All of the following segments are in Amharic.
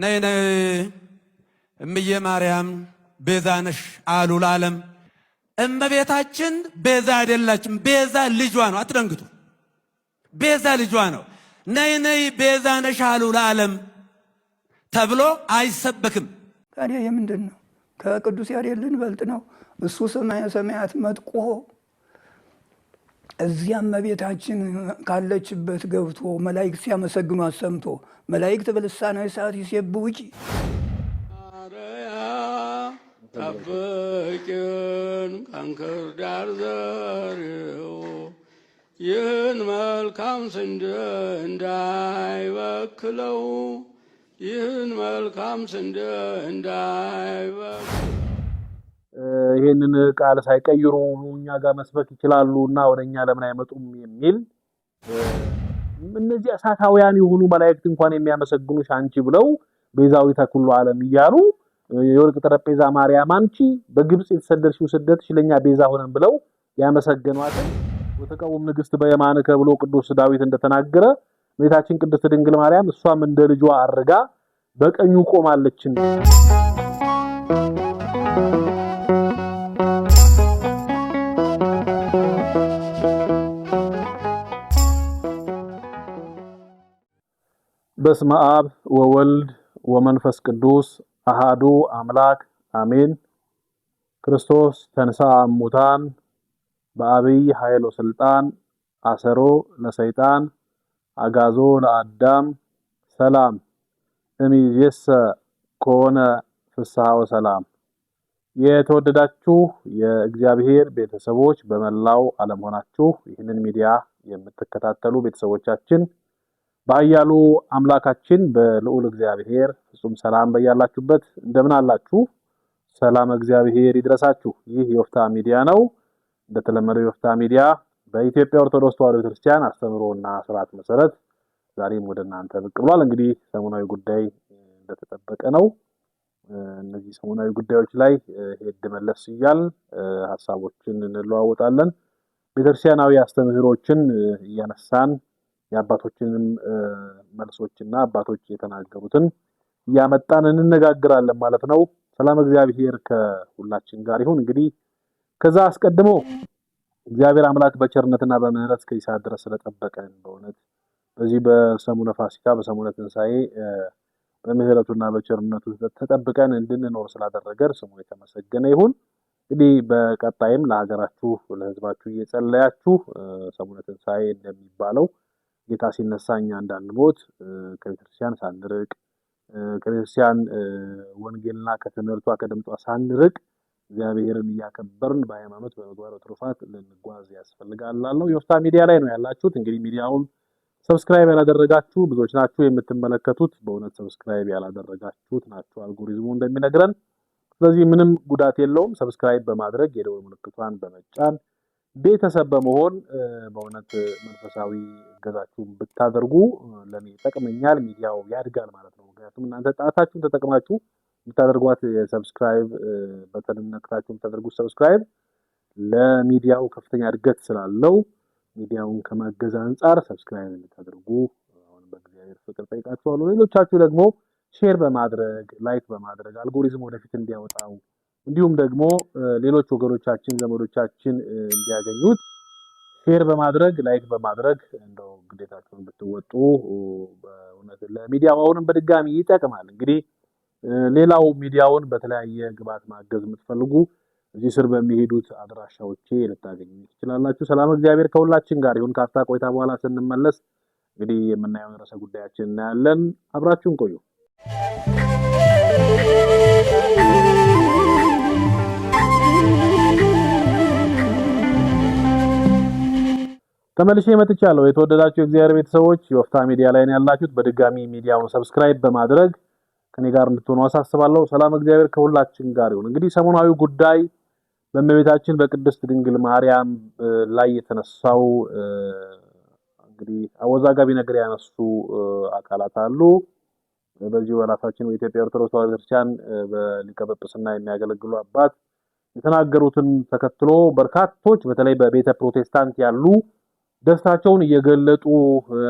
ነይ ነይ እምዬ ማርያም ቤዛ ነሽ አሉ ለዓለም። እመቤታችን ቤዛ አይደላችም። ቤዛ ልጇ ነው። አትደንግጡ። ቤዛ ልጇ ነው። ነይ ነይ ቤዛ ነሽ አሉ ለዓለም ተብሎ አይሰበክም። ታዲያ የምንድን ነው? ከቅዱስ ያሬድ ልንበልጥ ነው? እሱ ሰማየ ሰማያት መጥቆ እዚያም እመቤታችን ካለችበት ገብቶ መላይክ ሲያመሰግኑ አሰምቶ መላይክት በልሳነ ሰዓት ይሴብ ውጪ አረያ ከንክር ዳር ዘሪው ይህን መልካም ስንዴ እንዳይበክለው ይህን መልካም ስንዴ እንዳይበክለው ይሄንን ቃል ሳይቀይሩ እኛ ጋር መስበክ ይችላሉ እና ወደ እኛ ለምን አይመጡም የሚል እነዚህ እሳታውያን የሆኑ መላእክት እንኳን የሚያመሰግኑሽ አንቺ ብለው ቤዛዊ ተኩሎ ዓለም እያሉ የወርቅ ጠረጴዛ ማርያም አንቺ በግብጽ የተሰደድሽው ስደትሽ ለኛ ቤዛ ሆነን ብለው ያመሰገኗትን ወተቀውም ንግስት በየማንከ ብሎ ቅዱስ ዳዊት እንደተናገረ እመቤታችን ቅድስት ድንግል ማርያም እሷም እንደ ልጇ አድርጋ በቀኙ ቆማለችን። በስመ አብ ወወልድ ወመንፈስ ቅዱስ አሃዱ አምላክ አሜን። ክርስቶስ ተንሥአ እሙታን በአብይ ኃይል ወሥልጣን አሰሮ ለሰይጣን አጋዞ ለአዳም ሰላም እምይእዜሰ ከሆነ ፍስሐ ወሰላም። የተወደዳችሁ የእግዚአብሔር ቤተሰቦች በመላው ዓለም ሆናችሁ ይህንን ሚዲያ የምትከታተሉ ቤተሰቦቻችን በአያሉ አምላካችን በልዑል እግዚአብሔር ፍጹም ሰላም በያላችሁበት እንደምን አላችሁ? ሰላም እግዚአብሔር ይድረሳችሁ። ይህ የወፍታ ሚዲያ ነው። እንደተለመደው የወፍታ ሚዲያ በኢትዮጵያ ኦርቶዶክስ ተዋሕዶ ቤተክርስቲያን አስተምህሮና ስርዓት መሰረት ዛሬም ወደ እናንተ ብቅ ብሏል። እንግዲህ ሰሞናዊ ጉዳይ እንደተጠበቀ ነው። እነዚህ ሰሞናዊ ጉዳዮች ላይ ሄድ መለስ እያል ሀሳቦችን እንለዋወጣለን። ቤተክርስቲያናዊ አስተምህሮችን እያነሳን የአባቶችንም መልሶችና አባቶች የተናገሩትን እያመጣን እንነጋግራለን ማለት ነው። ሰላም እግዚአብሔር ከሁላችን ጋር ይሁን። እንግዲህ ከዛ አስቀድሞ እግዚአብሔር አምላክ በቸርነትና በምሕረት ከይሳ ድረስ ስለጠበቀን በእውነት በዚህ በሰሙነ ፋሲካ በሰሙነ ትንሣኤ በምሕረቱና በቸርነቱ ተጠብቀን እንድንኖር ስላደረገን ስሙ የተመሰገነ ይሁን። እንግዲህ በቀጣይም ለሀገራችሁ ለሕዝባችሁ እየጸለያችሁ ሰሙነ ትንሣኤ እንደሚባለው ጌታ ሲነሳ እኛ እንዳንሞት ከቤተክርስቲያን ሳንርቅ ከቤተክርስቲያን ወንጌልና ከትምህርቷ ከድምጧ ሳንርቅ እግዚአብሔርን እያከበርን በሃይማኖት በመግባር ትሩፋት ልንጓዝ ያስፈልጋላለው። እላለሁ። ሚዲያ ላይ ነው ያላችሁት። እንግዲህ ሚዲያውን ሰብስክራይብ ያላደረጋችሁ ብዙዎች ናችሁ የምትመለከቱት። በእውነት ሰብስክራይብ ያላደረጋችሁት ናችሁ አልጎሪዝሙ እንደሚነግረን። ስለዚህ ምንም ጉዳት የለውም። ሰብስክራይብ በማድረግ የደወል ምልክቷን በመጫን ቤተሰብ በመሆን በእውነት መንፈሳዊ እገዛችሁን ብታደርጉ ለእኔ ይጠቅመኛል፣ ሚዲያው ያድጋል ማለት ነው። ምክንያቱም እናንተ ጣታችሁን ተጠቅማችሁ የምታደርጓት የሰብስክራይብ በተን ነክታችሁ የምታደርጉት ሰብስክራይብ ለሚዲያው ከፍተኛ እድገት ስላለው ሚዲያውን ከማገዝ አንጻር ሰብስክራይብ እንድታደርጉ አሁን በእግዚአብሔር ፍቅር ጠይቃችኋለሁ። ሌሎቻችሁ ደግሞ ሼር በማድረግ ላይክ በማድረግ አልጎሪዝም ወደፊት እንዲያወጣው እንዲሁም ደግሞ ሌሎች ወገኖቻችን ዘመዶቻችን እንዲያገኙት ሼር በማድረግ ላይክ በማድረግ እንደው ግዴታቸውን ብትወጡ በእውነት ለሚዲያው አሁንም በድጋሚ ይጠቅማል። እንግዲህ ሌላው ሚዲያውን በተለያየ ግብዓት ማገዝ የምትፈልጉ እዚህ ስር በሚሄዱት አድራሻዎቼ ልታገኙ ትችላላችሁ። ሰላም እግዚአብሔር ከሁላችን ጋር ይሁን። ካፍታ ቆይታ በኋላ ስንመለስ እንግዲህ የምናየውን ርዕሰ ጉዳያችን እናያለን። አብራችሁን ቆዩ። ተመልሼ መጥቻለሁ። የተወደዳችሁ እግዚአብሔር ቤተሰቦች የወፍታ ሚዲያ ላይ ነው ያላችሁት። በድጋሚ ሚዲያውን ሰብስክራይብ በማድረግ ከኔ ጋር እንድትሆኑ አሳስባለሁ። ሰላም እግዚአብሔር ከሁላችን ጋር ይሁን። እንግዲህ ሰሞናዊ ጉዳይ በእመቤታችን በቅድስት ድንግል ማርያም ላይ የተነሳው እንግዲህ አወዛጋቢ ነገር ያነሱ አካላት አሉ። በዚሁ በራሳችን በኢትዮጵያ ኦርቶዶክስ ተዋህዶ ቤተክርስቲያን በሊቀ ጵጵስና የሚያገለግሉ አባት የተናገሩትን ተከትሎ በርካቶች በተለይ በቤተ ፕሮቴስታንት ያሉ ደስታቸውን እየገለጡ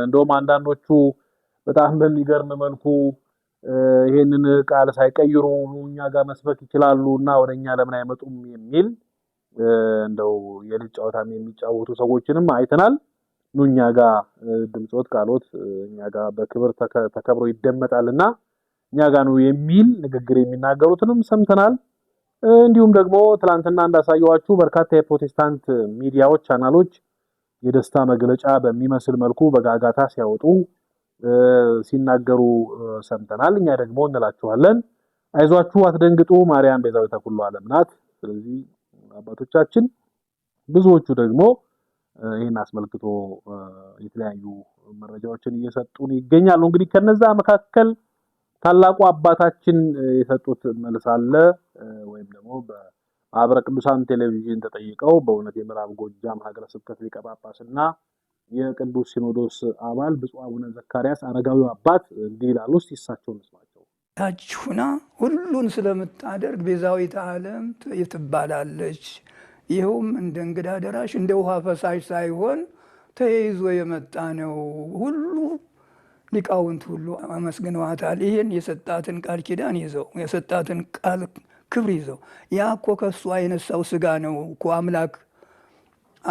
እንደውም አንዳንዶቹ በጣም በሚገርም መልኩ ይሄንን ቃል ሳይቀይሩ እኛ ጋር መስበክ ይችላሉ እና ወደኛ ለምን አይመጡም የሚል እንደው የልጅ ጨዋታም የሚጫወቱ ሰዎችንም አይተናል። ኑኛ ጋር ድምፆት ቃሎት እኛ ጋር በክብር ተከብሮ እና እኛ ጋር ነው የሚል ንግግር የሚናገሩትንም ሰምተናል። እንዲሁም ደግሞ ትላንትና እንዳሳየዋችሁ በርካታ የፕሮቴስታንት ሚዲያዎች ቻናሎች የደስታ መግለጫ በሚመስል መልኩ በጋጋታ ሲያወጡ ሲናገሩ ሰምተናል። እኛ ደግሞ እንላችኋለን፣ አይዟችሁ፣ አትደንግጡ፣ ማርያም ቤዛዊተ ኩሉ ዓለም ናት። ስለዚህ አባቶቻችን ብዙዎቹ ደግሞ ይህን አስመልክቶ የተለያዩ መረጃዎችን እየሰጡን ይገኛሉ። እንግዲህ ከነዛ መካከል ታላቁ አባታችን የሰጡት መልስ አለ ወይም ደግሞ ማህበረ ቅዱሳን ቴሌቪዥን ተጠይቀው በእውነት የምዕራብ ጎጃም ሀገረ ስብከት ሊቀ ጳጳስና የቅዱስ ሲኖዶስ አባል ብፁዕ አቡነ ዘካርያስ አረጋዊው አባት እንዲህ ይላሉ። እስቲ እሳቸውን እንስማቸው። ታች ሁና ሁሉን ስለምታደርግ ቤዛዊተ ዓለም ትባላለች። ይኸውም እንደ እንግዳ ደራሽ እንደ ውሃ ፈሳሽ ሳይሆን ተይዞ የመጣ ነው። ሁሉ ሊቃውንት ሁሉ አመስግነዋታል። ይህን የሰጣትን ቃል ኪዳን ይዘው የሰጣትን ቃል ክብር ይዘው ያ እኮ ከእሷ የነሳው ስጋ ነው እኮ አምላክ።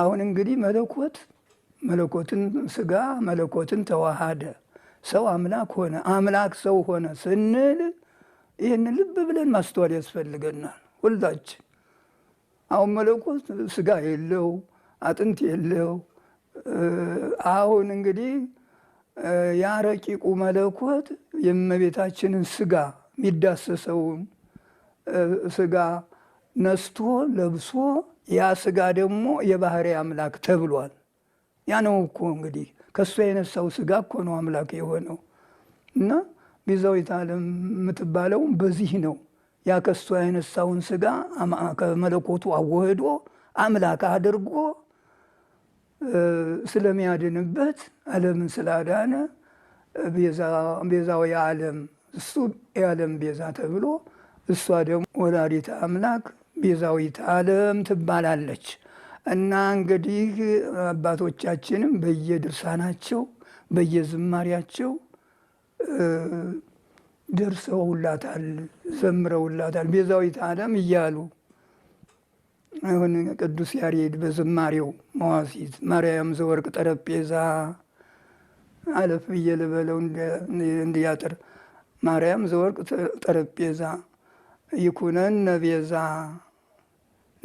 አሁን እንግዲህ መለኮት መለኮትን ስጋ መለኮትን ተዋሃደ፣ ሰው አምላክ ሆነ፣ አምላክ ሰው ሆነ ስንል ይህን ልብ ብለን ማስተዋል ያስፈልገናል ሁላችን። አሁን መለኮት ስጋ የለው አጥንት የለው። አሁን እንግዲህ ያ ረቂቁ መለኮት የእመቤታችንን ስጋ የሚዳሰሰውን ስጋ ነስቶ ለብሶ ያ ስጋ ደግሞ የባህሪ አምላክ ተብሏል። ያ ነው እኮ እንግዲህ ከእሷ የነሳው ስጋ እኮ ነው አምላክ የሆነው እና ቤዛዊት ዓለም የምትባለው በዚህ ነው። ያ ከእሷ የነሳውን ስጋ ከመለኮቱ አወህዶ አምላክ አድርጎ ስለሚያድንበት ዓለምን ስላዳነ ቤዛው የዓለም እሱ የዓለም ቤዛ ተብሎ እሷ ደግሞ ወላዲተ አምላክ ቤዛዊት ዓለም ትባላለች። እና እንግዲህ አባቶቻችንም በየድርሳናቸው በየዝማሪያቸው ደርሰውላታል፣ ዘምረውላታል ቤዛዊት ዓለም እያሉ አሁን ቅዱስ ያሬድ በዝማሬው መዋሲት ማርያም ዘወርቅ ጠረጴዛ አለፍ ብዬ ልበለው እንዲያጥር ማርያም ዘወርቅ ጠረጴዛ ይኩነነ ቤዛ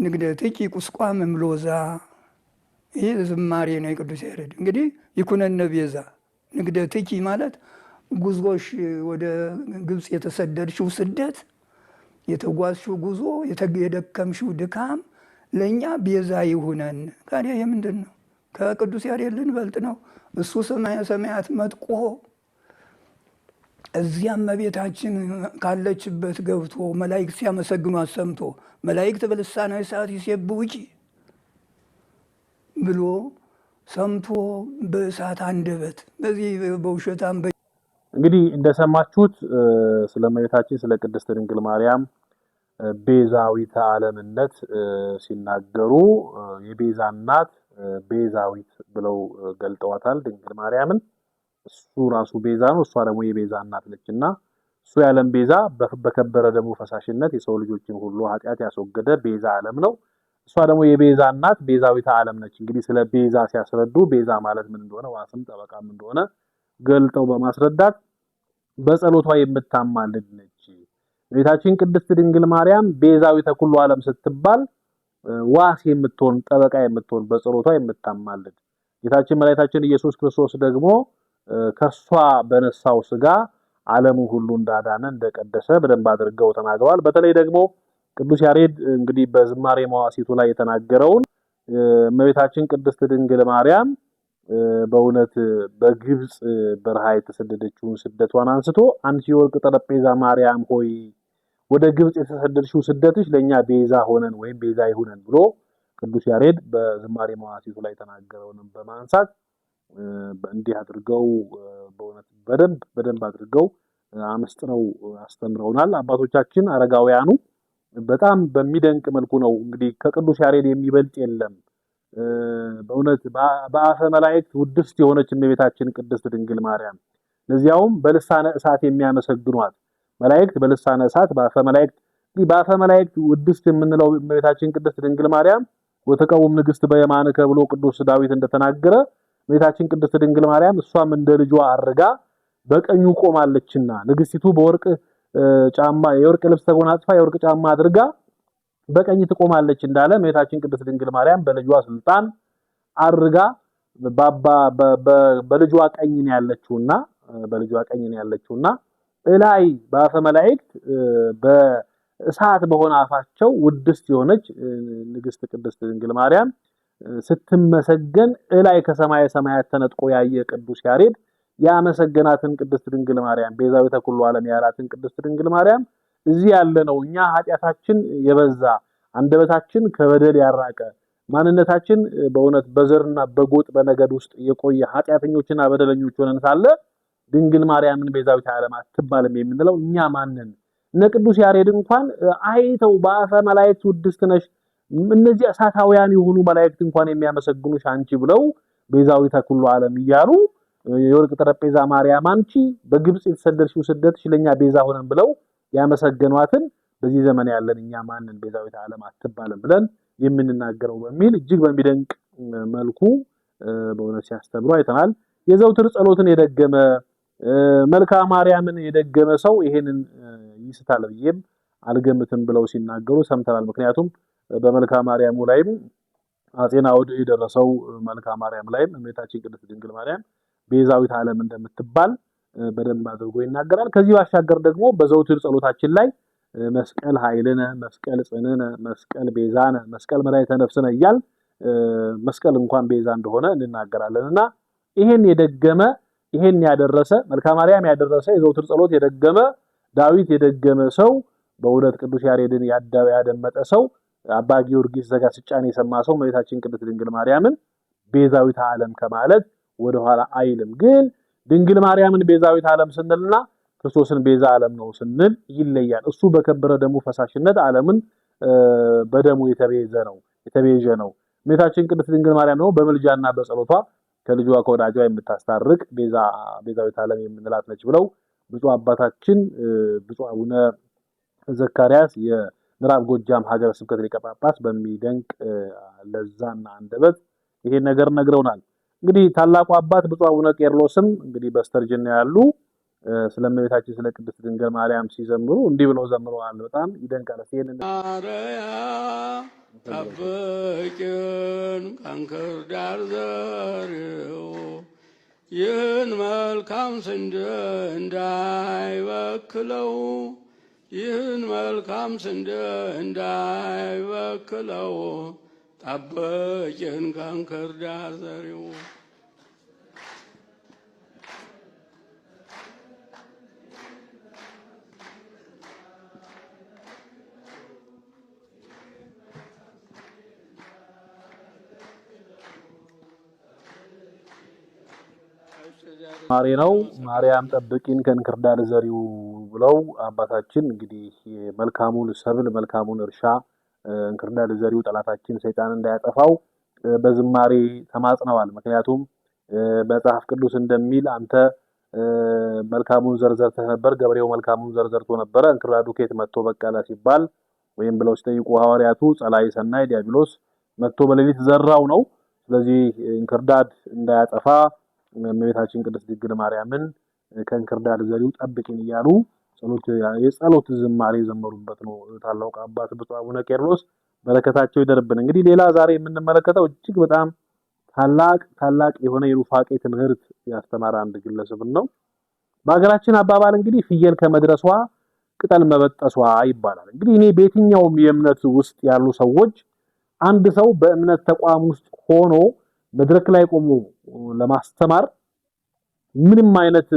ንግደትኪ ቁስቋም እምሎዛ። ይህ ዝማሬ ነው የቅዱስ ያሬድ። እንግዲህ ይኩነነ ቤዛ ንግደትኪ ማለት ጉዞሽ ወደ ግብፅ የተሰደድሽው ስደት የተጓዝሽው ጉዞ የደከምሽው ድካም ለእኛ ቤዛ ይሁነን። ታዲያ የምንድን ነው? ከቅዱስ ያሬድ ልንበልጥ ነው? እሱ ሰማያ ሰማያት መጥቆ እዚያም እመቤታችን ካለችበት ገብቶ መላእክት ሲያመሰግኗት ሰምቶ መላእክት በልሳናዊ ሰዓት ይሴብ ውጪ ብሎ ሰምቶ በእሳት አንደበት በዚህ በውሸታም እንግዲህ እንደሰማችሁት ስለ እመቤታችን ስለ ቅድስት ድንግል ማርያም ቤዛዊተ ዓለምነት ሲናገሩ የቤዛ እናት ቤዛዊት ብለው ገልጠዋታል ድንግል ማርያምን። እሱ ራሱ ቤዛ ነው፣ እሷ ደግሞ የቤዛ እናት ነች እና እሱ የዓለም ቤዛ በከበረ ደግሞ ፈሳሽነት የሰው ልጆችን ሁሉ ኃጢአት ያስወገደ ቤዛ ዓለም ነው። እሷ ደግሞ የቤዛ እናት ቤዛዊተ ዓለም ነች። እንግዲህ ስለ ቤዛ ሲያስረዱ ቤዛ ማለት ምን እንደሆነ ዋስም ጠበቃም እንደሆነ ገልጠው በማስረዳት በጸሎቷ የምታማልድ ነች። ቤታችን ቅድስት ድንግል ማርያም ቤዛዊተ ኩሉ ዓለም ስትባል ዋስ የምትሆን ጠበቃ የምትሆን በጸሎቷ የምታማልድ ጌታችን መድኃኒታችን ኢየሱስ ክርስቶስ ደግሞ ከሷ በነሳው ስጋ ዓለሙ ሁሉ እንዳዳነ እንደቀደሰ በደንብ አድርገው ተናግረዋል። በተለይ ደግሞ ቅዱስ ያሬድ እንግዲህ በዝማሬ መዋሲቱ ላይ የተናገረውን እመቤታችን ቅድስት ድንግል ማርያም በእውነት በግብፅ በረሃ የተሰደደችውን ስደቷን አንስቶ አንቺ የወርቅ ጠረጴዛ ማርያም ሆይ ወደ ግብፅ የተሰደድሽው ስደትሽ ለእኛ ቤዛ ሆነን ወይም ቤዛ ይሁነን ብሎ ቅዱስ ያሬድ በዝማሬ መዋሲቱ ላይ የተናገረውንም በማንሳት እንዲህ አድርገው በእውነት በደንብ በደንብ አድርገው አመስጥረው አስተምረውናል። አባቶቻችን አረጋውያኑ በጣም በሚደንቅ መልኩ ነው እንግዲህ ከቅዱስ ያሬድ የሚበልጥ የለም። በእውነት በአፈ መላእክት ውድስት የሆነች እመቤታችን ቅድስት ድንግል ማርያም ለዚያውም በልሳነ እሳት የሚያመሰግኗት መላእክት በልሳነ እሳት በአፈ መላእክት በአፈ መላእክት ውድስት የምንለው እመቤታችን ቅድስት ድንግል ማርያም ወተቀውም ንግስት በየማንከ ብሎ ቅዱስ ዳዊት እንደተናገረ እመቤታችን ቅድስት ድንግል ማርያም እሷም እንደ ልጇ አድርጋ በቀኙ ቆማለችና ንግስቲቱ በወርቅ ጫማ የወርቅ ልብስ ተጎናጽፋ የወርቅ ጫማ አድርጋ በቀኝ ትቆማለች እንዳለ እመቤታችን ቅድስት ድንግል ማርያም በልጇ ስልጣን አድርጋ ባባ በልጇ ቀኝ ነው ያለችውና በልጇ ቀኝ ነው ያለችውና እላይ በአፈ መላእክት በእሳት በሆነ አፋቸው ውድስት የሆነች ንግስት ቅድስት ድንግል ማርያም ስትመሰገን እላይ ከሰማይ ሰማያት ተነጥቆ ያየ ቅዱስ ያሬድ ያመሰገናትን ቅድስት ድንግል ማርያም ቤዛዊተ ኩሉ ዓለም ያላትን ቅድስት ድንግል ማርያም እዚህ ያለ ነው። እኛ ኃጢአታችን የበዛ አንደበታችን ከበደል ያራቀ ማንነታችን በእውነት በዘርና በጎጥ በነገድ ውስጥ የቆየ ኃጢአተኞችና በደለኞች ሆነን ሳለ ድንግል ማርያምን ቤዛዊተ ዓለም አትባልም የምንለው እኛ ማንን እነ ቅዱስ ያሬድ እንኳን አይተው በአፈ መላእክት ውድስት ነሽ እነዚህ እሳታውያን የሆኑ መላእክት እንኳን የሚያመሰግኑሽ አንቺ ብለው ቤዛዊተ ኩሉ ዓለም እያሉ የወርቅ ጠረጴዛ ማርያም አንቺ በግብጽ የተሰደድሽው ስደትሽ ለኛ ቤዛ ሆነን ብለው ያመሰገኗትን በዚህ ዘመን ያለን እኛ ማንን ቤዛዊተ ዓለም አትባልም ብለን የምንናገረው በሚል እጅግ በሚደንቅ መልኩ በእውነት ሲያስተምሩ አይተናል። የዘውትር ጸሎትን የደገመ መልካ ማርያምን የደገመ ሰው ይሄንን ይስታል ብዬም አልገምትም ብለው ሲናገሩ ሰምተናል። ምክንያቱም በመልካ ማርያሙ ላይም አጼና አውድ የደረሰው መልካ ማርያም ላይም እመቤታችን ቅድስት ድንግል ማርያም ቤዛዊት ዓለም እንደምትባል በደንብ አድርጎ ይናገራል። ከዚህ ባሻገር ደግሞ በዘውትር ጸሎታችን ላይ መስቀል ኃይልነ፣ መስቀል ጽንነ፣ መስቀል ቤዛነ፣ መስቀል መድኃኒተ ነፍስነ እያል መስቀል እንኳን ቤዛ እንደሆነ እንናገራለን እና ይሄን የደገመ ይሄን ያደረሰ መልካ ማርያም ያደረሰ የዘውትር ጸሎት የደገመ ዳዊት የደገመ ሰው በእውነት ቅዱስ ያሬድን ያደመጠ ሰው አባ ጊዮርጊስ ዘጋስጫን የሰማ ሰው እመቤታችን ቅድስት ድንግል ማርያምን ቤዛዊት ዓለም ከማለት ወደኋላ አይልም። ግን ድንግል ማርያምን ቤዛዊት ዓለም ስንልና ክርስቶስን ቤዛ ዓለም ነው ስንል ይለያል። እሱ በከበረ ደሙ ፈሳሽነት ዓለምን በደሙ የተቤዘ ነው የተቤዘ ነው። እመቤታችን ቅድስት ድንግል ማርያም ደግሞ በምልጃና በጸሎቷ ከልጇ ከወዳጇ የምታስታርቅ ቤዛ ቤዛዊት ዓለም የምንላት ነች ብለው ብፁዕ አባታችን ብፁዕ አቡነ ዘካርያስ ምዕራብ ጎጃም ሀገረ ስብከት ሊቀ ጳጳስ በሚደንቅ ለዛና አንደበት ይሄን ነገር ነግረውናል። እንግዲህ ታላቁ አባት ብፁዕ አቡነ ቄርሎስም እንግዲህ በስተርጅና ያሉ ስለ እመቤታችን ስለ ቅድስት ድንግል ማርያም ሲዘምሩ እንዲህ ብለው ዘምረዋል። በጣም ይደንቃል። ይሄንን ጠብቂን ዳር ዘሪው ይህን መልካም ስንዴ እንዳይበክለው ይህን መልካም ስንዴ እንዳይበክለው ጠብቂን ከንክርዳ ዘሪው። ማሬ ነው ማርያም ጠብቂን ከእንክርዳድ ዘሪው ብለው አባታችን እንግዲህ መልካሙን ሰብል መልካሙን እርሻ እንክርዳድ ዘሪው ጠላታችን ሰይጣን እንዳያጠፋው በዝማሬ ተማጽነዋል። ምክንያቱም መጽሐፍ ቅዱስ እንደሚል አንተ መልካሙን ዘርዘርተህ ነበር፣ ገበሬው መልካሙን ዘርዘርቶ ነበረ፣ እንክርዳዱ ኬት መጥቶ በቀለ ሲባል ወይም ብለው ሲጠይቁ ሐዋርያቱ ጸላይ ሰናይ ዲያብሎስ መጥቶ በሌሊት ዘራው ነው። ስለዚህ እንክርዳድ እንዳያጠፋ እመቤታችን ቅድስት ድንግል ማርያምን ከእንክርዳድ ዘሪው ጠብቂን እያሉ የጸሎት ዝማሬ የዘመሩበት ነው። ታላቁ አባት ብፁዕ አቡነ ቄርሎስ በረከታቸው ይደርብን። እንግዲህ ሌላ ዛሬ የምንመለከተው እጅግ በጣም ታላቅ ታላቅ የሆነ የኑፋቄ ትምህርት ያስተማረ አንድ ግለሰብን ነው። በሀገራችን አባባል እንግዲህ ፍየል ከመድረሷ ቅጠል መበጠሷ ይባላል። እንግዲህ እኔ በየትኛውም የእምነት ውስጥ ያሉ ሰዎች አንድ ሰው በእምነት ተቋም ውስጥ ሆኖ መድረክ ላይ ቆሞ ለማስተማር ምንም አይነት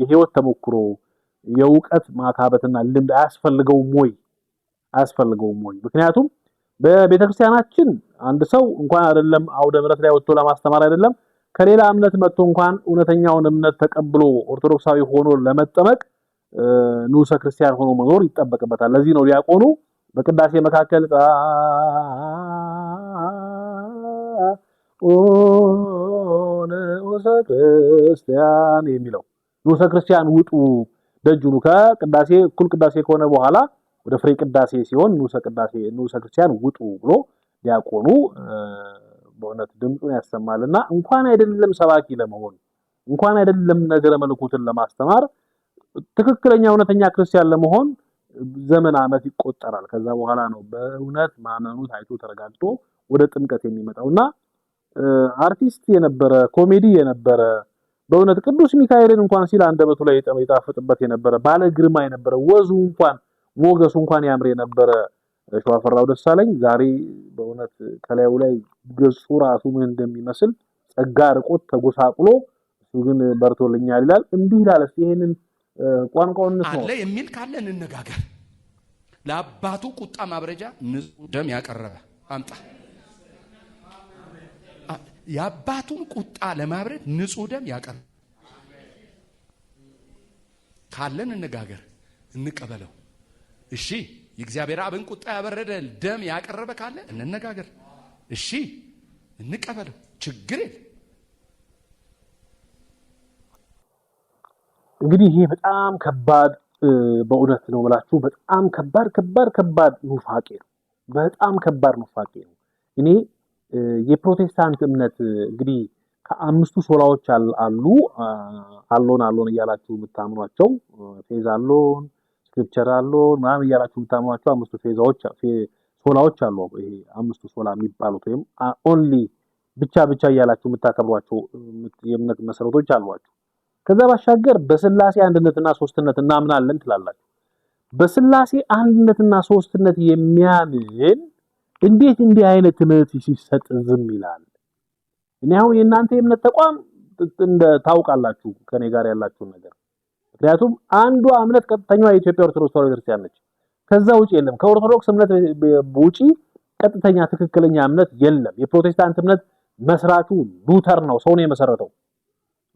የህይወት ተሞክሮ የእውቀት ማካበትና ልምድ አያስፈልገውም ወይ? አያስፈልገውም ወይ? ምክንያቱም በቤተክርስቲያናችን አንድ ሰው እንኳን አይደለም አውደ ምሕረት ላይ ወጥቶ ለማስተማር አይደለም ከሌላ እምነት መጥቶ እንኳን እውነተኛውን እምነት ተቀብሎ ኦርቶዶክሳዊ ሆኖ ለመጠመቅ ንዑሰ ክርስቲያን ሆኖ መኖር ይጠበቅበታል። ለዚህ ነው ዲያቆኑ በቅዳሴ መካከል ንዑሰ ክርስቲያን የሚለው ንዑሰ ክርስቲያን ውጡ ደጁኑ ከቅዳሴ እኩል ቅዳሴ ከሆነ በኋላ ወደ ፍሬ ቅዳሴ ሲሆን ንዑሰ ቅዳሴ ንዑሰ ክርስቲያን ውጡ ብሎ ዲያቆኑ በእውነት ድምፁን እና እንኳን አይደለም ሰባኪ ለመሆን እንኳን አይደለም ነገረ መለኮትን ለማስተማር ትክክለኛ እውነተኛ ክርስቲያን ለመሆን ዘመን ዓመት ይቆጠራል። ከዛ በኋላ ነው በእውነት ማመኑ ታይቶ ተረጋግጦ ወደ ጥምቀት እና አርቲስት የነበረ ኮሜዲ የነበረ በእውነት ቅዱስ ሚካኤልን እንኳን ሲል አንደበቱ ላይ የጣፍጥበት የነበረ ባለ ግርማ የነበረ ወዙ እንኳን ሞገሱ እንኳን ያምር የነበረ ሸዋፈራው ደሳለኝ ዛሬ በእውነት ከላዩ ላይ ገጹ ራሱ ምን እንደሚመስል ጸጋ ርቆት ተጎሳቁሎ እሱ ግን በርቶልኛል ይላል። እንዲህ ይላል። ይሄንን ቋንቋውን ነው አለ የሚል ካለ እንነጋገር። ለአባቱ ቁጣ ማብረጃ ንጹህ ደም ያቀረበ አምጣ የአባቱን ቁጣ ለማብረድ ንጹህ ደም ያቀርብ። ካለን እንነጋገር፣ እንቀበለው። እሺ፣ የእግዚአብሔር አብን ቁጣ ያበረደ ደም ያቀረበ ካለ እንነጋገር። እሺ፣ እንቀበለው። ችግር የለ እንግዲህ ይሄ በጣም ከባድ በእውነት ነው የምላችሁ። በጣም ከባድ ከባድ ከባድ ኑፋቄ ነው። በጣም ከባድ ኑፋቄ ነው። እኔ የፕሮቴስታንት እምነት እንግዲህ ከአምስቱ ሶላዎች አሉ አሎን አሎን እያላችሁ የምታምኗቸው ፌዝ አሎን ስክሪፕቸር አሎን ምናምን እያላችሁ የምታምኗቸው አምስቱ ፌዛዎች አሉ። ይሄ አምስቱ ሶላ የሚባሉት ወይም ኦንሊ ብቻ ብቻ እያላችሁ የምታከብሯቸው የእምነት መሰረቶች አሏቸው። ከዛ ባሻገር በስላሴ አንድነትና ሶስትነት እናምናለን ትላላችሁ። በስላሴ አንድነትና ሶስትነት የሚያምን እንዴት እንዲህ አይነት ትምህርት ሲሰጥ ዝም ይላል? እኔ አሁን የእናንተ የእምነት ተቋም እንደ ታውቃላችሁ ከኔ ጋር ያላችሁን ነገር ምክንያቱም አንዷ እምነት ቀጥተኛ የኢትዮጵያ ኦርቶዶክስ ተዋሕዶ ክርስቲያን ነች። ከዛ ውጪ የለም። ከኦርቶዶክስ እምነት ውጪ ቀጥተኛ ትክክለኛ እምነት የለም። የፕሮቴስታንት እምነት መስራቹ ሉተር ነው፣ ሰው ነው የመሰረተው።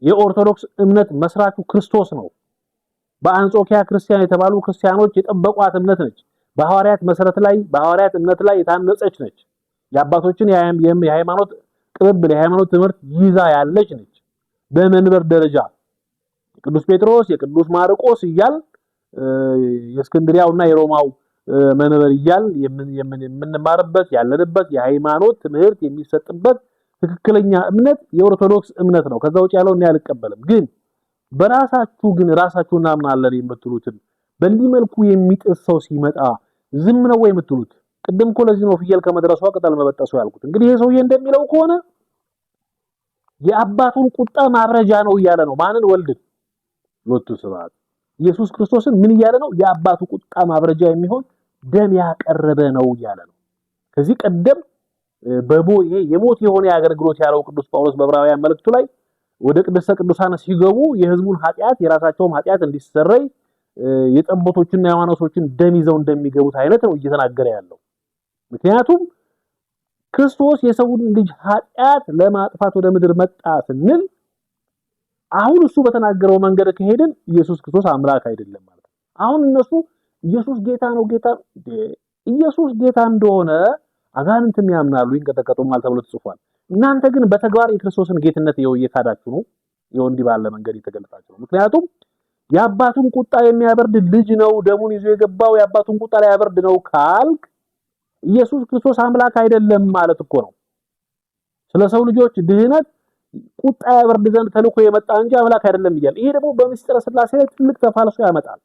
የኦርቶዶክስ እምነት መስራቹ ክርስቶስ ነው። በአንጾኪያ ክርስቲያን የተባሉ ክርስቲያኖች የጠበቋት እምነት ነች። በሐዋርያት መሰረት ላይ በሐዋርያት እምነት ላይ የታነጸች ነች። የአባቶችን የሃይማኖት ቅብብል የሃይማኖት ትምህርት ይዛ ያለች ነች። በመንበር ደረጃ የቅዱስ ጴጥሮስ የቅዱስ ማርቆስ እያል የእስክንድሪያውና የሮማው መንበር እያል የምንማርበት ያለንበት የሃይማኖት ትምህርት የሚሰጥበት ትክክለኛ እምነት የኦርቶዶክስ እምነት ነው። ከዛ ውጭ ያለው እኔ አልቀበልም። ግን በራሳችሁ ግን ራሳችሁ እናምናለን የምትሉትን በእንዲህ መልኩ የሚጥስ ሰው ሲመጣ ዝም ነው ወይ የምትሉት? ቅድም እኮ ለዚህ ነው ፍየል ከመድረሷ ቅጠል መበጠሷ ያልኩት። እንግዲህ ይሄ ሰውዬ እንደሚለው ከሆነ የአባቱን ቁጣ ማብረጃ ነው እያለ ነው። ማንን? ወልድን፣ ሎቱ ስብሐት። ኢየሱስ ክርስቶስን ምን እያለ ነው? የአባቱ ቁጣ ማብረጃ የሚሆን ደም ያቀረበ ነው እያለ ነው። ከዚህ ቀደም በቦ ይሄ የሞት የሆነ አገልግሎት ያለው ቅዱስ ጳውሎስ በዕብራውያን መልእክቱ ላይ ወደ ቅድስተ ቅዱሳን ሲገቡ የህዝቡን ኃጢአት የራሳቸውም ኃጢአት እንዲሰረይ የጠቦቶችና የዋኖሶችን ደም ይዘው እንደሚገቡት አይነት ነው እየተናገረ ያለው። ምክንያቱም ክርስቶስ የሰውን ልጅ ኃጢአት ለማጥፋት ወደ ምድር መጣ ስንል አሁን እሱ በተናገረው መንገድ ከሄድን ኢየሱስ ክርስቶስ አምላክ አይደለም ማለት ነው። አሁን እነሱ ኢየሱስ ጌታ ነው ጌታ ኢየሱስ ጌታ እንደሆነ አጋንንትም ያምናሉ ይንቀጠቀጡማል ተብሎ ተጽፏል። እናንተ ግን በተግባር የክርስቶስን ጌትነት የው እየካዳችሁ ነው፣ የው እንዲህ ባለ መንገድ እየተገለጣችሁ ነው። ምክንያቱም የአባቱን ቁጣ የሚያበርድ ልጅ ነው ደሙን ይዞ የገባው የአባቱን ቁጣ ሊያበርድ ነው ካልክ ኢየሱስ ክርስቶስ አምላክ አይደለም ማለት እኮ ነው። ስለ ሰው ልጆች ድህነት ቁጣ ያበርድ ዘንድ ተልኮ የመጣ እንጂ አምላክ አይደለም እያለ ይሄ ደግሞ በምስጢረ ስላሴ ላይ ትልቅ ተፋልሶ ያመጣል።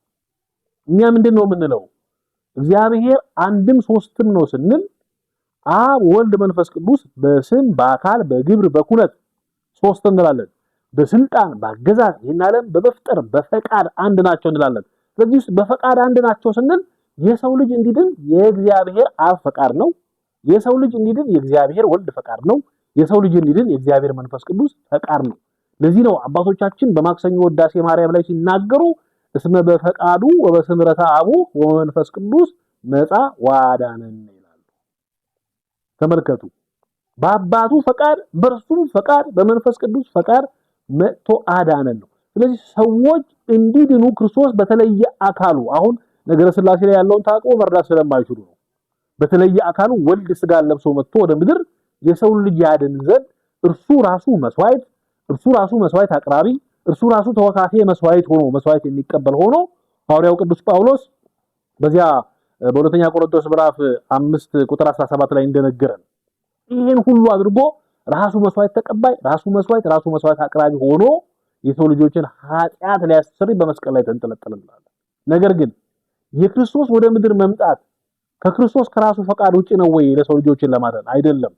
እኛ ምንድን ነው የምንለው? እግዚአብሔር አንድም ሶስትም ነው ስንል አብ፣ ወልድ፣ መንፈስ ቅዱስ በስም በአካል በግብር በኩነት ሶስት እንላለን። በስልጣን በአገዛዝ ይህን ዓለም በመፍጠር በፈቃድ አንድ ናቸው እንላለን። ስለዚህ ውስጥ በፈቃድ አንድ ናቸው ስንል የሰው ልጅ እንዲድን የእግዚአብሔር አብ ፈቃድ ነው። የሰው ልጅ እንዲድን የእግዚአብሔር ወልድ ፈቃድ ነው። የሰው ልጅ እንዲድን የእግዚአብሔር መንፈስ ቅዱስ ፈቃድ ነው። ለዚህ ነው አባቶቻችን በማክሰኞ ወዳሴ ማርያም ላይ ሲናገሩ እስመ በፈቃዱ ወበስምረተ አቡ ወመንፈስ ቅዱስ መጻ ዋዳነን ይላሉ። ተመልከቱ። በአባቱ ፈቃድ፣ በእርሱም ፈቃድ፣ በመንፈስ ቅዱስ ፈቃድ መጥቶ አዳነን ነው። ስለዚህ ሰዎች እንዲድኑ ክርስቶስ በተለየ አካሉ አሁን ነገረ ስላሴ ላይ ያለውን ታቅቦ መርዳት ስለማይችሉ ነው። በተለየ አካሉ ወልድ ስጋ ለብሶ መጥቶ ወደ ምድር የሰው ልጅ ያድን ዘንድ እርሱ ራሱ መስዋዕት እርሱ ራሱ መስዋዕት አቅራቢ እርሱ ራሱ ተወካፌ መስዋዕት ሆኖ መስዋዕት የሚቀበል ሆኖ ሐዋርያው ቅዱስ ጳውሎስ በዚያ በሁለተኛ ቆሮንቶስ ምዕራፍ አምስት ቁጥር 17 ላይ እንደነገረን ይህን ሁሉ አድርጎ ራሱ መስዋዕት ተቀባይ፣ ራሱ መስዋዕት፣ ራሱ መስዋዕት አቅራቢ ሆኖ የሰው ልጆችን ኃጢአት ሊያስተሰርይ በመስቀል ላይ ተንጠለጠለ እንላለን። ነገር ግን የክርስቶስ ወደ ምድር መምጣት ከክርስቶስ ከራሱ ፈቃድ ውጪ ነው ወይ ለሰው ልጆችን ለማድረግ አይደለም።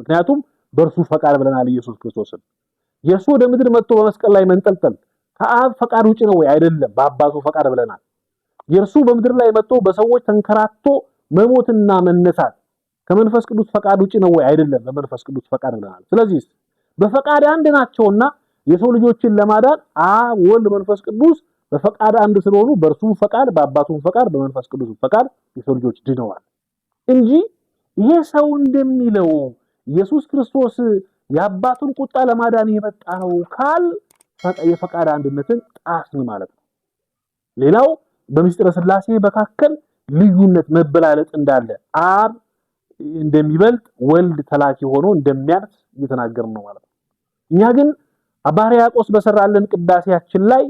ምክንያቱም በእርሱ ፈቃድ ብለናል ኢየሱስ ክርስቶስን። የእርሱ ወደ ምድር መጥቶ በመስቀል ላይ መንጠልጠል ከአብ ፈቃድ ውጪ ነው ወይ አይደለም፣ በአባቱ ፈቃድ ብለናል። የእርሱ በምድር ላይ መጥቶ በሰዎች ተንከራቶ መሞትና መነሳት ከመንፈስ ቅዱስ ፈቃድ ውጪ ነው ወይ? አይደለም፣ በመንፈስ ቅዱስ ፈቃድ ብለናል። ስለዚህ በፈቃድ አንድ ናቸውና የሰው ልጆችን ለማዳን አብ፣ ወልድ፣ መንፈስ ቅዱስ በፈቃድ አንድ ስለሆኑ በእርሱም ፈቃድ በአባቱም ፈቃድ በመንፈስ ቅዱስ ፈቃድ የሰው ልጆች ድነዋል እንጂ ይሄ ሰው እንደሚለው ኢየሱስ ክርስቶስ የአባቱን ቁጣ ለማዳን የመጣ ነው ካል የፈቃድ አንድነትን ጣስን ማለት ነው። ሌላው በምስጢረ ስላሴ መካከል ልዩነት መበላለጥ እንዳለ አብ እንደሚበልጥ ወልድ ተላኪ ሆኖ እንደሚያርስ እየተናገር ነው ማለት ነው። እኛ ግን አባ ሕርያቆስ በሰራልን ቅዳሴያችን ላይ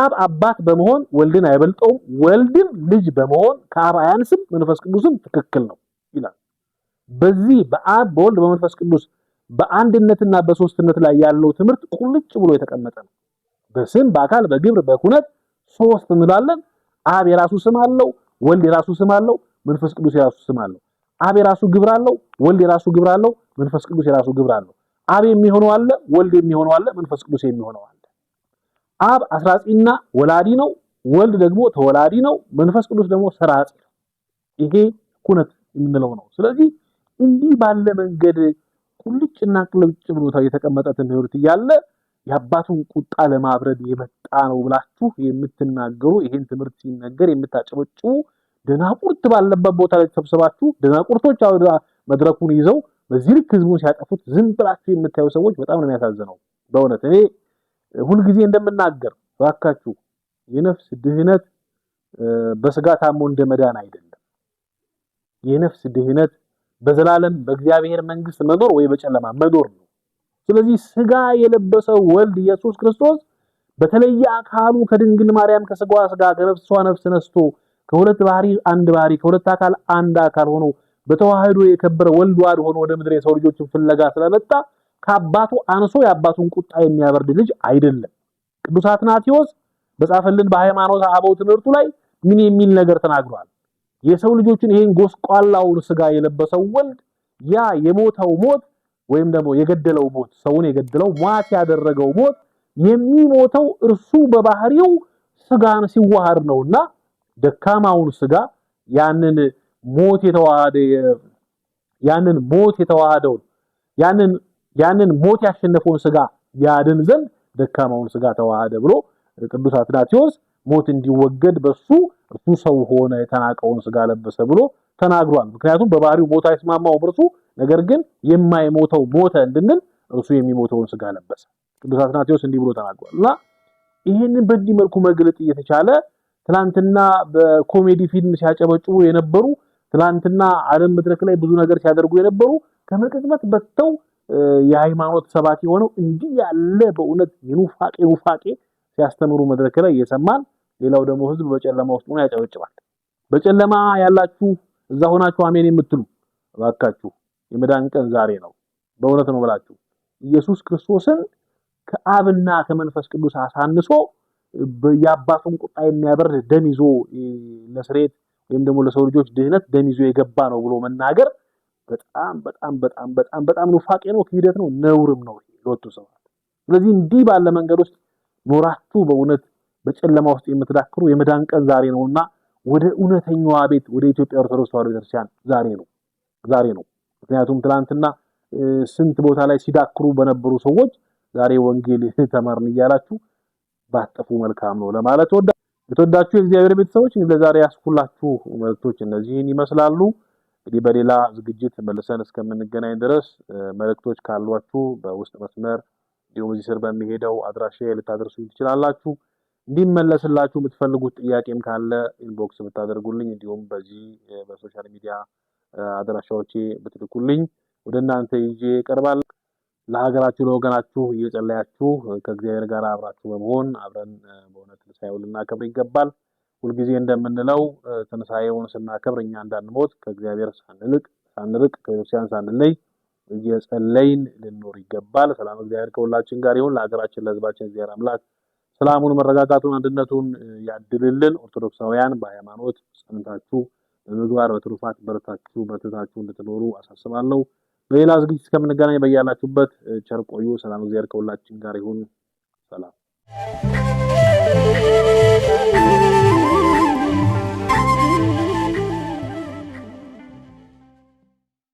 አብ አባት በመሆን ወልድን አይበልጠውም፣ ወልድም ልጅ በመሆን ከአብ አያንስም፣ መንፈስ ቅዱስም ትክክል ነው ይላል። በዚህ በአብ በወልድ በመንፈስ ቅዱስ በአንድነትና በሶስትነት ላይ ያለው ትምህርት ቁልጭ ብሎ የተቀመጠ ነው። በስም በአካል በግብር በኩነት ሶስት እንላለን። አብ የራሱ ስም አለው፣ ወልድ የራሱ ስም አለው፣ መንፈስ ቅዱስ የራሱ ስም አለው። አብ የራሱ ግብር አለው፣ ወልድ የራሱ ግብር አለው፣ መንፈስ ቅዱስ የራሱ ግብር አለው። አብ የሚሆነው አለ፣ ወልድ የሚሆነው አለ፣ መንፈስ ቅዱስ የሚሆነው አለ። አብ አስራጺና ወላዲ ነው፣ ወልድ ደግሞ ተወላዲ ነው፣ መንፈስ ቅዱስ ደግሞ ሰራጺ ነው። ይሄ ኩነት የምንለው ነው። ስለዚህ እንዲህ ባለ መንገድ ቁልጭና ቅልብጭ ብሎ የተቀመጠ ትምህርት እያለ የአባቱን ቁጣ ለማብረድ የመጣ ነው ብላችሁ የምትናገሩ ይሄን ትምህርት ሲነገር የምታጨበጭቡ ደናቁርት ባለበት ቦታ ላይ ተሰብስባችሁ ደናቁርቶች አውዳ መድረኩን ይዘው በዚህ ልክ ህዝቡን ሲያጠፉት ዝም ብላችሁ የምታዩ ሰዎች በጣም ነው የሚያሳዝነው። በእውነት እኔ ሁልጊዜ እንደምናገር ባካችሁ የነፍስ ድህነት በስጋ ታሞ እንደመዳን አይደለም። የነፍስ ድህነት በዘላለም በእግዚአብሔር መንግስት መኖር ወይ በጨለማ መኖር ነው። ስለዚህ ስጋ የለበሰው ወልድ ኢየሱስ ክርስቶስ በተለየ አካሉ ከድንግል ማርያም ከስጋዋ ስጋ ከነፍሷ ነፍስ ነስቶ ከሁለት ባህሪ አንድ ባህሪ ከሁለት አካል አንድ አካል ሆኖ በተዋህዶ የከበረ ወልድ ዋድ ሆኖ ወደ ምድር የሰው ልጆችን ፍለጋ ስለመጣ ከአባቱ አንሶ የአባቱን ቁጣ የሚያበርድ ልጅ አይደለም። ቅዱስ አትናቴዎስ በጻፈልን በሃይማኖት አበው ትምህርቱ ላይ ምን የሚል ነገር ተናግሯል? የሰው ልጆችን ይሄን ጎስቋላውን ስጋ የለበሰው ወልድ ያ የሞተው ሞት ወይም ደግሞ የገደለው ሞት ሰውን የገደለው ሟት ያደረገው ሞት የሚሞተው እርሱ በባህሪው ስጋን ሲዋሃድ ነውና ደካማውን ስጋ ያንን ሞት የተዋሃደ ያንን ሞት የተዋሃደውን ያንን ያንን ሞት ያሸነፈውን ስጋ ያድን ዘንድ ደካማውን ስጋ ተዋሃደ ብሎ ቅዱስ አትናቴዎስ ሞት እንዲወገድ በሱ እርሱ ሰው ሆነ የተናቀውን ስጋ ለበሰ ብሎ ተናግሯል። ምክንያቱም በባህሪው ሞት አይስማማውም እርሱ ነገር ግን የማይሞተው ሞተ እንድንል እርሱ የሚሞተውን ስጋ ለበሰ። ቅዱስ አትናቴዎስ እንዲህ ብሎ ተናግሯል እና ይህንን በዚህ መልኩ መግለጥ እየተቻለ ትላንትና በኮሜዲ ፊልም ሲያጨበጭቡ የነበሩ ትላንትና ዓለም መድረክ ላይ ብዙ ነገር ሲያደርጉ የነበሩ ከመቅጽበት በተው የሃይማኖት ሰባኪ የሆነው እንዲህ ያለ በእውነት የኑፋቄ ኑፋቄ ሲያስተምሩ መድረክ ላይ እየሰማን፣ ሌላው ደግሞ ህዝብ በጨለማ ውስጥ ሆኖ ያጨበጭባል። በጨለማ ያላችሁ እዛ ሆናችሁ አሜን የምትሉ እባካችሁ የመዳን ቀን ዛሬ ነው። በእውነት ነው ብላችሁ ኢየሱስ ክርስቶስን ከአብና ከመንፈስ ቅዱስ አሳንሶ የአባቱን ቁጣ የሚያበርድ ደም ይዞ ለስሬት ወይም ደግሞ ለሰው ልጆች ድህነት ደም ይዞ የገባ ነው ብሎ መናገር በጣም በጣም በጣም በጣም በጣም ኑፋቄ ነው፣ ክህደት ነው፣ ነውርም ነው ለወጡ ሰዎች። ስለዚህ እንዲህ ባለ መንገድ ውስጥ ኖራችሁ በእውነት በጨለማ ውስጥ የምትዳክሩ የመዳን ቀን ዛሬ እና ወደ እውነተኛዋ ቤት ወደ ኢትዮጵያ ኦርቶዶክስ ተዋሕዶ ቤተክርስቲያን ዛሬ ነው ዛሬ ነው። ምክንያቱም ትናንትና ስንት ቦታ ላይ ሲዳክሩ በነበሩ ሰዎች ዛሬ ወንጌል ተማርን እያላችሁ ባጠፉ መልካም ነው ለማለት ወዳ የተወዳችሁ የእግዚአብሔር ቤተሰቦች እንግዲህ ለዛሬ ያስኩላችሁ መልእክቶች እነዚህን ይመስላሉ። እንግዲህ በሌላ ዝግጅት መልሰን እስከምንገናኝ ድረስ መልእክቶች ካሏችሁ በውስጥ መስመር እንዲሁም እዚህ ስር በሚሄደው አድራሻ ልታደርሱኝ ትችላላችሁ። እንዲመለስላችሁ የምትፈልጉት ጥያቄም ካለ ኢንቦክስ ብታደርጉልኝ እንዲሁም በዚህ በሶሻል ሚዲያ አድራሻዎቼ ብትልኩልኝ ወደ እናንተ ይዤ እቀርባለሁ። ለሀገራችሁ ለወገናችሁ እየጸለያችሁ ከእግዚአብሔር ጋር አብራችሁ በመሆን አብረን በእውነት ትንሣኤውን ልናከብር ይገባል። ሁልጊዜ እንደምንለው ትንሣኤውን ስናከብር እኛ እንዳንሞት ከእግዚአብሔር ሳንልቅ ሳንርቅ ከቤተክርስቲያን ሳንለይ እየጸለይን ልኖር ይገባል። ሰላም እግዚአብሔር ከሁላችን ጋር ይሁን። ለሀገራችን ለህዝባችን እግዚአብሔር አምላክ ሰላሙን፣ መረጋጋቱን፣ አንድነቱን ያድልልን። ኦርቶዶክሳውያን በሃይማኖት ጸንታችሁ በምግባር በትሩፋት በርታችሁ በርትታችሁ እንድትኖሩ አሳስባለሁ። በሌላ ዝግጅት እስከምንገናኝ በያላችሁበት ቸር ቆዩ። ሰላም፣ እግዚአብሔር ከሁላችን ጋር ይሁን። ሰላም